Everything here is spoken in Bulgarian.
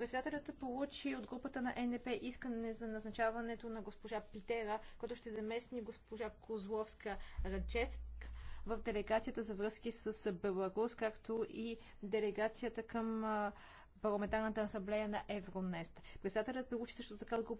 Председателят получи от групата на НП искане за назначаването на госпожа Питера, който ще заместни госпожа Козловска Раджевск в делегацията за връзки с Беларус, както и делегацията към парламентарната асамблея на Евронест. Председателят получи също така от